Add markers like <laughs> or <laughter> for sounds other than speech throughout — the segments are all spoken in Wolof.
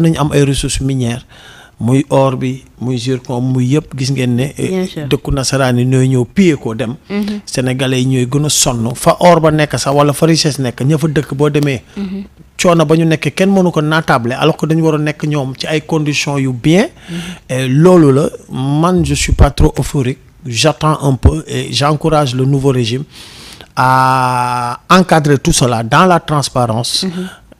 nañu am ay ressources minières muy or bi muy zircon muy yëpp gis ngeen ne eh, dëkku nasaraan yi ñooy ñëw pillé ko dem mhm. sénégalais yi ñooy gën sonn fa or ba nekk sax wala fa richesse nekk ña fa dëkk boo demee mhm. coono ba ñu nekkee kenn mënu ko naatable alors que dañu war a nekk ñoom ci ay conditions yu bien mhm. loolu la man je suis pas trop un peu et j'encourage le nouveau régime à encadrer tout cela dans la transparence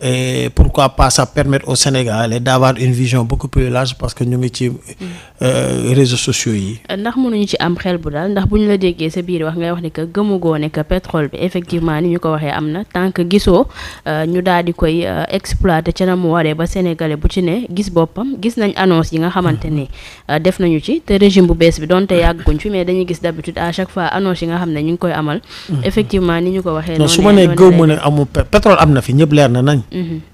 et pourquoi pas ça au Sénégalais d'avoir une vision beaucoup plus large parce que ñu ngi ci mm. euh, réseaux sociaux yi. ndax mënuñu ci am xel bu daal ndax bu ñu la déggee sa biir wax ngay wax ni que gëmugoo ne que pétrole bi effectivement ni ñu ko waxee am na tant que gisoo euh, ñu dal di koy euh, exploiter ca na mu waree ba Sénégalais bu ci ne gis boppam gis nañ annonce yi nga xamante ni def nañu ci te régime bu bees bi donte yàgguñ fi mais dañuy gis d'habitude à chaque fois yi nga xam ne ñu ngi koy amal. Mm. effectivement ni ñu ko waxee. ne amul pétrole am na fi ñëpp leer na nañ.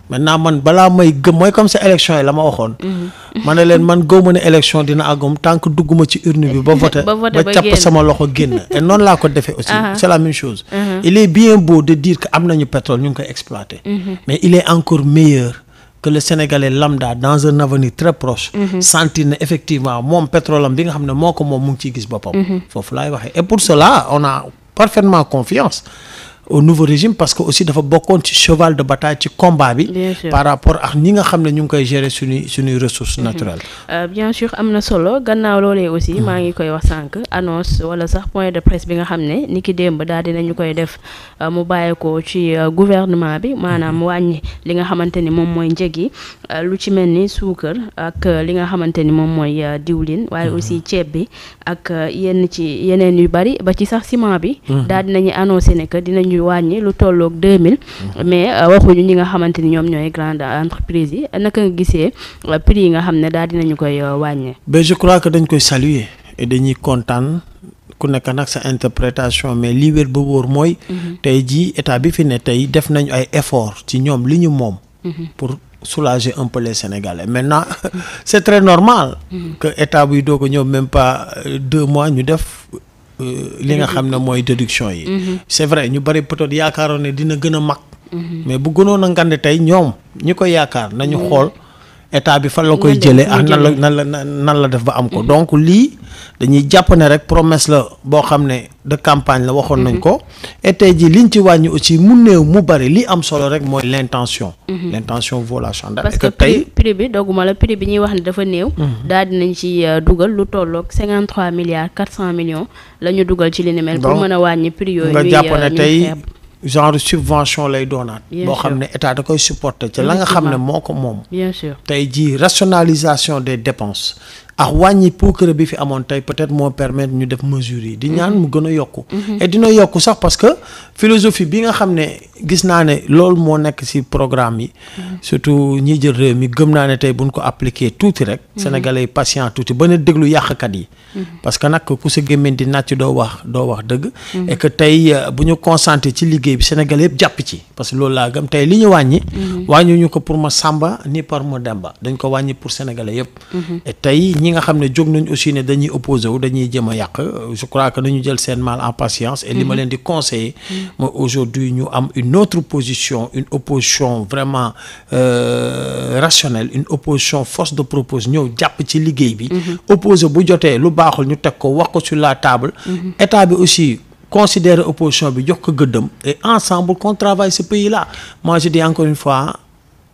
maintenant man balaa may gëm mooy comme sa élection yi la ma waxoon. Mhm. ma leen man gëw ma ne dina àggum tant dugguma ci urne bi. ba voté <laughs> ba càpp sama loxo génn. <laughs> et noonu laa ko defee aussi. c' la même chose. Mhm. il est bien beau de dire que am nañu pétrole ñu ngi koy exploité. Mhm. mais il est encore meilleur. que le Sénégalais lambda dans un avenir très proche. sentir ne effectivement moom pétrole bi nga xam ne moo ko moom mu ngi ciy gis boppam. foofu laay a parfaitement confiance. au nouveau régime parce que aussi dafa bokkoon ci cheval de bataille ci combat bi. par rapport ak ñi nga xam ne ñu ngi koy gérer suñuy suñuy ressources mhm. naturelles. Euh, bien sûr am na solo gannaaw loolee aussi mhm. maa ngi koy wax sànq annonce wala sax point de presse bi nga xam ne ni ki démb daal dinañu koy def euh, mu bàyyeekoo ci euh, gouvernement bi maanaam mhm. wàññi li nga xamante ni moom mooy njëg yi lu ci mel ni suukar ak li nga xamante ni moom mooy diwlin waaye aussi ceeb bi ak yenn ci yeneen yu bari ci sax ciment bi. ñuy wàññi lu tolloog 2000 mais euh, waxuñu ñi nga xamante ni ñoom ñooy grande entreprise yi naka nga gisee euh, prix yi nga xam ne daal dinañu koy euh, wàññee. mais je crois que dañ koy saluer et dañuy kontaan. ku nekk nag sa interprétation mais lii wér ba wóor mooy. Mhm. tey jii état bi fi ne tey def nañu ay effort ci ñoom li ñu moom. Mhm. pour soulager un peu les Sénégalais maintenant <laughs> c' est très normal. Mhm. que état buy doog a ñëw même pas deux mois ñu def Euh, li nga xam ne mooy déduction yi. Mm-hmm. c'est vrai ñu bari peut-être yaakaaroon ne dina gën a mag. Mm-hmm. mais bu gënoon a ngand tey ñoom ñi ko yaakaar nañu mm-hmm. xool. état bi fan la koy jëlee ah nan la nan la nan la def ba am ko mhm. donc lii dañuy jàpp ne rek promesse la boo xam ne de campagne la waxoon nañ mhm. ko et tey li ñu ci wàññi aussi mu néew mu bari li am solo rek mooy l'intention mhm. l'intention vaut la chandelle parce que tey prix bi dogguma la prix bi ñuy wax ne dafa néew daal dinañ ci euh, dugal lu tolloog cinquante trois milliards quatre cent millions la ñu dugal ci li ni mel pour mën a wàññi prix yooyu nga jàpp euh, tey genre subvention lay doonaat. boo xam ne état da koy supporter ci la nga xam ne moo ko moom. bien tey jii rationalisation des dépenses. ak wàññi puukare bi fi amoon tey peut-être moo permettre ñu def mesures yi. di ñaan mu gën a yokku. Mhm. et dina yokku sax parce philosophie bi nga xam ne. gis naa ne lool moo nekk ci programme yi mm-hmm. surtout ñi jël réew mi gëm naa ne tey buñ ko appliquer tuuti rek mm-hmm. sénégalais yi patient tuuti ba na déglu yàqkat yi mm-hmm. parce que nag ku sa gémmiñ di nàcc doo wax doo wax dëgg et que tey euh, bu ñu concentré ci liggéey bi sénégalais yëpp jàpp ci parce que loolu laa gëm li ñu wàññi ko pour ma sàmba ni par ma demba dañ ko wàññi pour sénégalais yëpp et tey ñi nga xam ne jóg nañ aussi ne dañuy opposé wu dañuy jëm a yàq je crois que nañu jël seen mal en patience et li ma leen di conseiller mooy aujourd'hui ñu am une autre position, une opposition vraiment euh, rationnelle, une opposition force de propose ñëw jàpp ci liggéey bi. Mhm. opposé bu jotee lu baaxul ñu teg ko wax ko sur la table. Mhm. état bi aussi. considérer opposition bi jox ko gëddam et ensemble qu'on travaille ce pays là moi je dis encore une fois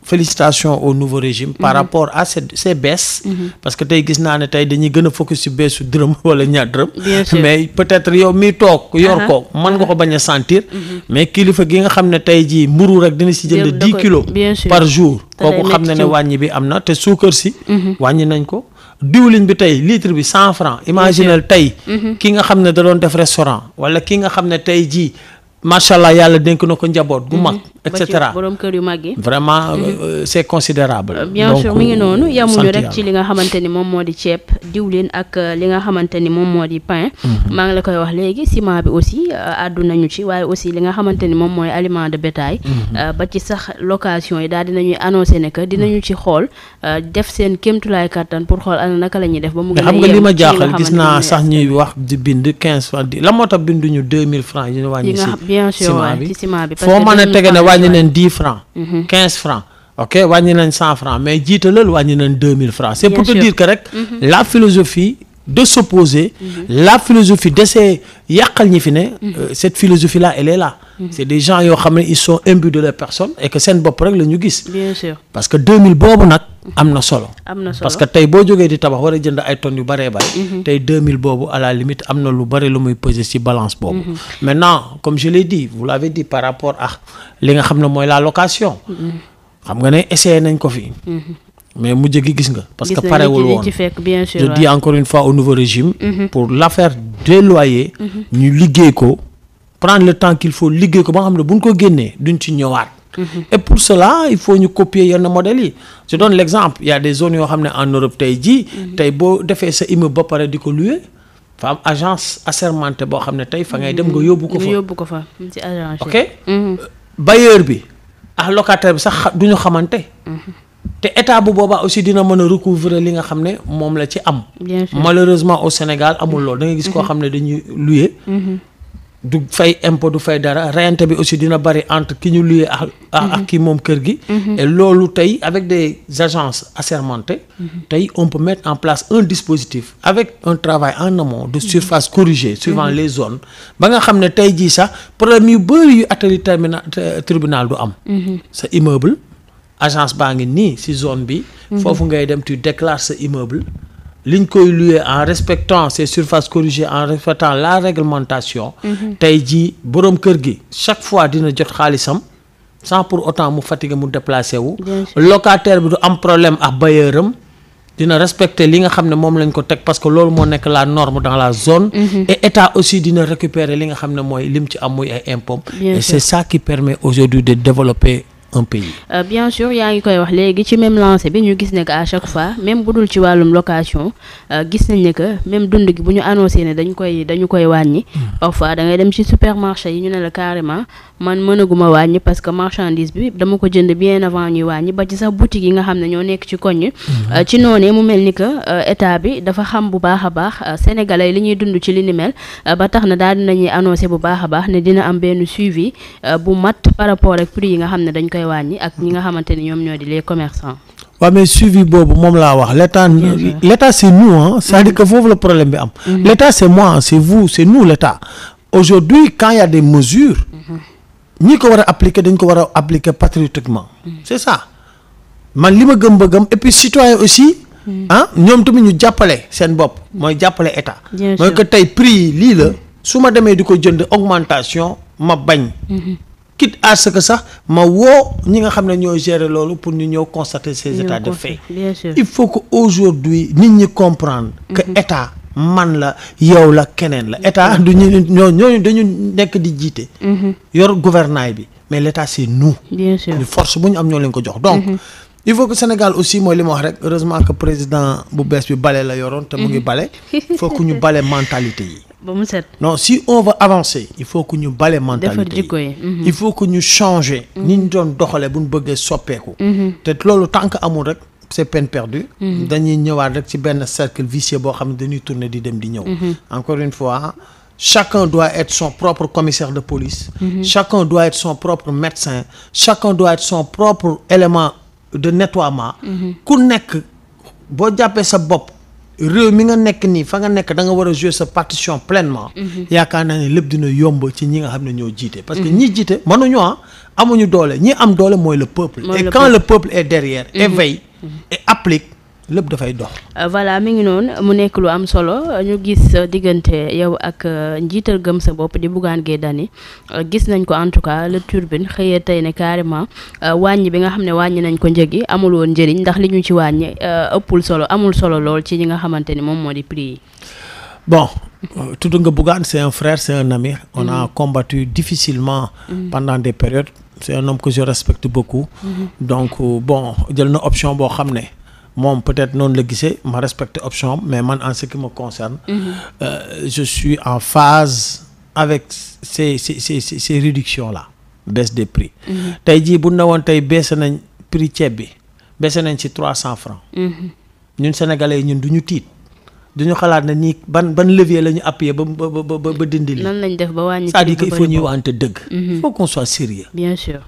félicitations au nouveau régime. par mhm. rapport à ces ces mhm. parce que tey gis naa ne tey dañuy gën a focus ci beesu dërëm <laughs> wala ñaar dërëm. mais peut-être yow mi toog. yor ko man nga ko bañ a sentir. Mhm. mais kilifa gi nga xam ne tey jii mburu rek dina si jënd dix kilos. par jour kooku xam na ne wàññi bi am na te suukar si. wàññi nañ ko. diwlin bi tey litre bi cent franc imaginel tey. ki nga xam ne da doon def restaurant wala ki nga xam ne tey jii. macha allah yàlla dénk na ko njaboot gu mag. et cetera borom kër yu mag yi. vraiment mhm. euh, euh, c' li nga xamante ni moom moo di ceeb diwlin ak euh, li nga xamante ni moom moo di pain. Mhm. maa ngi la koy wax léegi ciment bi aussi àddu nañu ci waaye aussi li nga xamante ni moom mooy aliment de bétail. Mhm. ba ci sax location yi daal dinañuy annoncé ne que dinañu ci xool def seen kéemtulaay kattan pour xool ana naka la ñuy def. ba mu gën a xam nga li ma jaaxal gis naa sax ñuy wax di bind quinze francs la moo tax binduñu deux mille francs yi ñu wàññi si. ciment bi bien sûr waay ci ciment bi. parce que wàññi leen dix francs mm-hmm. quinze francs ok wàññi leen cent francs mais jiitalal wàññi leen deux mille francs c'est pour te dire que rek mm-hmm. la philosophie de s'opposer mm -hmm. la philosophie de ces yàqal ñi fi ne mhm. euh, cette philosophie là elle est là mhm. c'est des gens yoo xam ne ils sont imbus de leur personne et que seen bopp rek la ñu gis bien sûr parce que mille boobu nag am na solo am na solo parce que tey boo jógee di tabax war a jënd ay tonnes yu bëree bëri mhm. tey 2000 boobu à la limite am na lu bëri lu muy peser ci balance boobu mm -hmm. maintenant comme je l'ai dit vous l'avez dit par rapport à li nga xam ne mooy la location xam nga ne essayé nañ ko fi mais mujj gi gis nga. parce que parewul woon je dis encore une fois au nouveau régime. Mhm. pour l'affaire des mhm. ñu liggéey ko prendre le temps qu'il faut liggéey ko ba nga xam ne bu ñu ko génnee duñ ci ñëwaat. Mhm. et pour cela il faut ñu copier yenn modèles yi je donne l'exemple il y a yoo xam ne en Europe tey jii. tey boo defee sa immeuble ba pare di ko louer fa am agence assermentée boo xam ne tey fa ngay dem nga yóbbu ko fa yóbbu ko fa ci ok bailleur bi ak locataire bi sax duñu xamante. te état bu boobaa aussi dina mën a recouvrer li nga xam ne moom la ci am. malheureusement au Sénégal amul lool da gis koo mhm. xam ne dañuy luye. Mhm. du fay impôt du fay dara rente bi aussi dina bari entre ki ñu luye ak ak mhm. ki moom kër gi. loolu tey avec des agences assermentées. tey on peut mettre en place un dispositif avec un travail en amont de surface corrigée suivant les zones ba nga xam ne tey jii sax problème yu bëri yu atali tribunal du am. agence baa ngi nii ci zone bi. Mhm. foofu ngay dem tu déclares sa immeuble. liñ koy louer en respectant ces surfaces corrigées en respectant la réglementation. Mhm. tey jii boroom kër gi chaque fois dina jot xaalisam. sans pour autant mu fatigué mu déplacé wu. locataire bi du am problème ak bailleur am dina respecter li nga xam ne moom lañ ko teg parce que loolu moo nekk la norme dans la zone. Mhm. et aussi dina récupérer li nga xam ne mooy lim ci am muy ay impôts. et c'est ça qui permet aujourd'hui un pays. Euh, bien sûr yaa ngi koy wax léegi ci même lancé bi ñu gis ne à chaque fois même bu dul ci wàllum location euh, gis nañ ne que même dund gi bu ñu annoncé ne dañ koy dañu koy wàññi. Hmm. parfois da ngay dem ci supermarché yi ñu ne la carrément. man mënaguma wàññi parce que marchandise bi dama ko jënd bien avant ñuy wàññi ba ci sax boutique yi nga xam ne ñoo nekk ci koñ mhm. euh, ci noonee mu mel ni que euh, état bi dafa xam bu baax a baax euh, sénégalais li ñuy dund ci li ni mel ba tax na daal dinañuy annoncé bu baax a baax ne dina am benn suivi bu mat par rapport ak prix yi nga xam ne dañ koy wàññi ak ñi nga xamante ne ñoom ñoo di les commerçants waaw mais suivi boobu moom laa wax l' état l' c'est-à-dire mhm. que foofu la problème bi am l' état c' est a des mesures mhm. ñi ko war a appliquer dañ ko war a appliquer patriotiquement mm. c'est ça man li ma gëm ba gëm et puis aussi mm. ah ñoom tamit ñu jàppale seen bopp mooy jàppale état mooy que tey prix yi lii la su ma demee di ko jënd augmentation ma bañ mm-hmm. quitte à ce que sax ma woo ñi nga xam ne ñoo gérer loolu pour ñu ñëw constater ces états de fait il faut que aujourd'hui nit ñi comprendre que mm-hmm. état man la yow la keneen la état du ñu ñoo ñooñu dañu nekk di jiite mhm. yor gouvernail bi mais l' état c' est force bu ñu am ñoo leen ko jox donc mhm. il faut que Sénégal aussi mooy li ma wax rek heureusement que président bu bees bi bale la yoroon te mu ngi mhm. bale il faut que ñu bale mentalité yi ba mu set non si on veut il faut que ñu bale mentalité yi ñu changer ni ñu doon doxale bu ñu bëggee soppeeku te loolu tànk amul rek c'est peine perdue. Mhm. dañuy ñëwaat rek ci benn cercle vicieux boo xam ne dañuy tourner di dem di ñëw. Mhm. encore une fois chacun doit être son propre commissaire de police. Mhm. chacun doit être son propre médecin. chacun doit être son propre élément de nettoiement. ku nekk boo jàppee sa bopp. réew mi nga nekk nii fa nga nekk da nga war a jouer sa partition pleinement. yaakaar naa ne lépp dina yomb ci ñi nga xam ne ñoo jiite. parce que ñi jiite mënuñu ah amuñu doole ñi doole mooy le peuple. et quand le peuple et applique lépp dafay dox. Euh, voilà mi ngi noonu mu nekk lu am solo ñu gis euh, diggante yow ak euh, njiital gëm sa bopp di Bougane Gueye Dany gis nañ ko en tout cas le turbine xëyee tey ne carrément wàññi bi nga xam ne wàññi nañ ko njëg yi amul woon njëriñ ndax li ñu ci wàññi ëppul solo amul solo lool ci ñi nga xamante ni moom moo di prix yi. bon tudd nga Bougane c'est un frère c'est on mm-hmm. a combattu difficilement. Mm-hmm. pendant des périodes. c'est un homme que je respecte beaucoup. Mm-hmm. donc bon jël na option boo xam ne moom peut-être noonu la gisee ma respecte option mais man en ce qui me concerne. Mm-hmm. Euh, je suis en phase avec ces ces ces ces réductions là baisse des prix. Mm-hmm. tey jii bu ne woon tey baisse nañ prix ceeb bi baisse nañ ci trois cent francs. ñun sénégalais ñun du tiit. du duñu xalaat na nii ban ban levier la ñu appuyer ba ba ba ba dindi li. nan lañ def ba wàññi c'est-à-dire que mhm. il faut ñuy waxante dëgg. il faut sérieux. bien sûr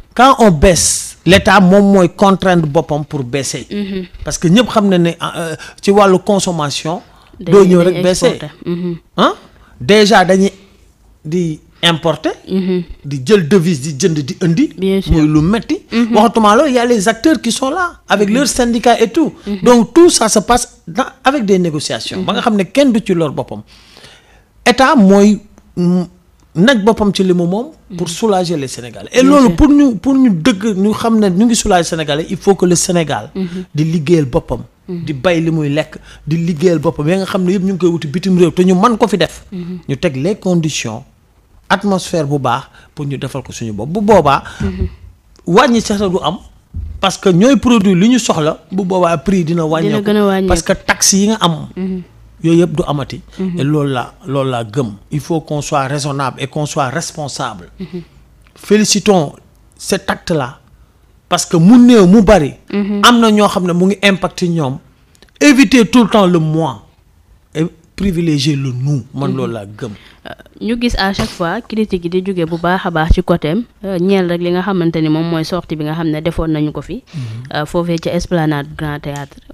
baisse. l'état moom mooy contraindre boppam pour baisser. Mhm. parce que ñëpp xam na ne euh, euh, ci wàllu consommation. doo ñëw rek baisser mhm. déjà dañuy di. importer. Mhm. di jël devise di jënd di indi. muy lu metti. Mhm. waxatuma la y' a les acteurs qui sont là avec mhm. leurs syndicats et tout. donc tout ça se passe dans avec des négociations. ba nga xam ne kenn du ci lor boppam état mooy. nag boppam ci li mu moom. pour soulager les Sénégalais. et loolu pour ñu pour ñu dëgg ñu xam ne ñu ngi soulager Sénégalais il faut que le Sénégal. di liggéeyal boppam. di bay li muy lekk di liggéeyal boppam ya nga xam ne yëpp ñu ngi koy wuti bitim réew te ñu man ko fi def. teg les conditions. atmosphère bu baax pour ñu defal ko suñu bopp bu boobaa. wàññi sa du am. parce que ñooy produit li ñu soxla bu boobaa prix dina wàññeeku parce que tax yi nga am mhm. yooyu yëpp du amati mhm. et loolu la loolu laa gëm il faut qu'on soit raisonnable et qu'on soit responsable mhm. félicitons cet acte la parce que mu néew mu bari am na ñoo xam ne mu ngi impacter ñoom éviter tout le temps le moi privilégier le nous man loolu mhm. laa gëm. ñu gis à chaque fois critique yi di jóge bu baax a baax ci côté euh, ñeel rek li nga xamante ni moom mooy sortie bi nga xam ne defoon nañu ko fi. Mhm. Euh, foofee ca esplanade grand théâtre